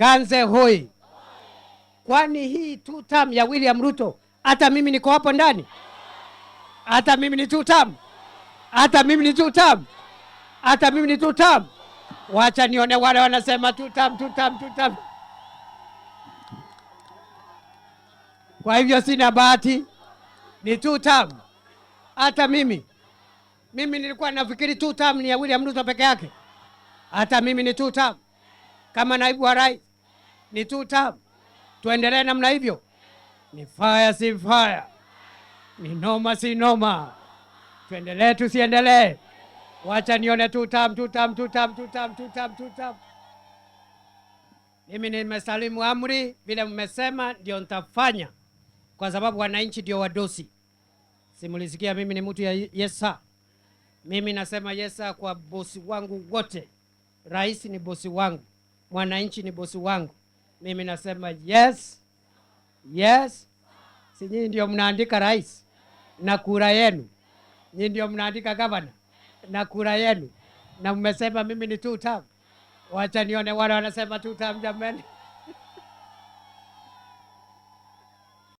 Ganze hoi! Kwani hii two term ya William Ruto, hata mimi niko hapo ndani? Hata mimi ni two term? Hata mimi ni two term? Hata mimi ni two term? Wacha nione wale wanasema two term, two term, two term. Kwa hivyo sina bahati, ni two term. Hata mimi mimi nilikuwa nafikiri two term ni ya William Ruto peke yake. Hata mimi ni two term kama naibu wa rais ni two term. Tuendelee namna hivyo, ni fire si fire, ni noma si noma. Tuendelee tusiendelee? Wacha nione two term, two term, two term, two term, two term, two term. Mimi nimesalimu amri, vile mmesema ndio nitafanya, kwa sababu wananchi ndio wadosi. Simulisikia mimi ni mtu ya yesa. Mimi nasema yesa kwa bosi wangu wote. Rais ni bosi wangu, mwananchi ni bosi wangu. Mimi nasema yes, yes. Si nyinyi ndio mnaandika rais na kura yenu, nyinyi ndio mnaandika gavana na kura yenu, na mmesema mimi ni two term. Wacha nione wale wanasema two term, jamani.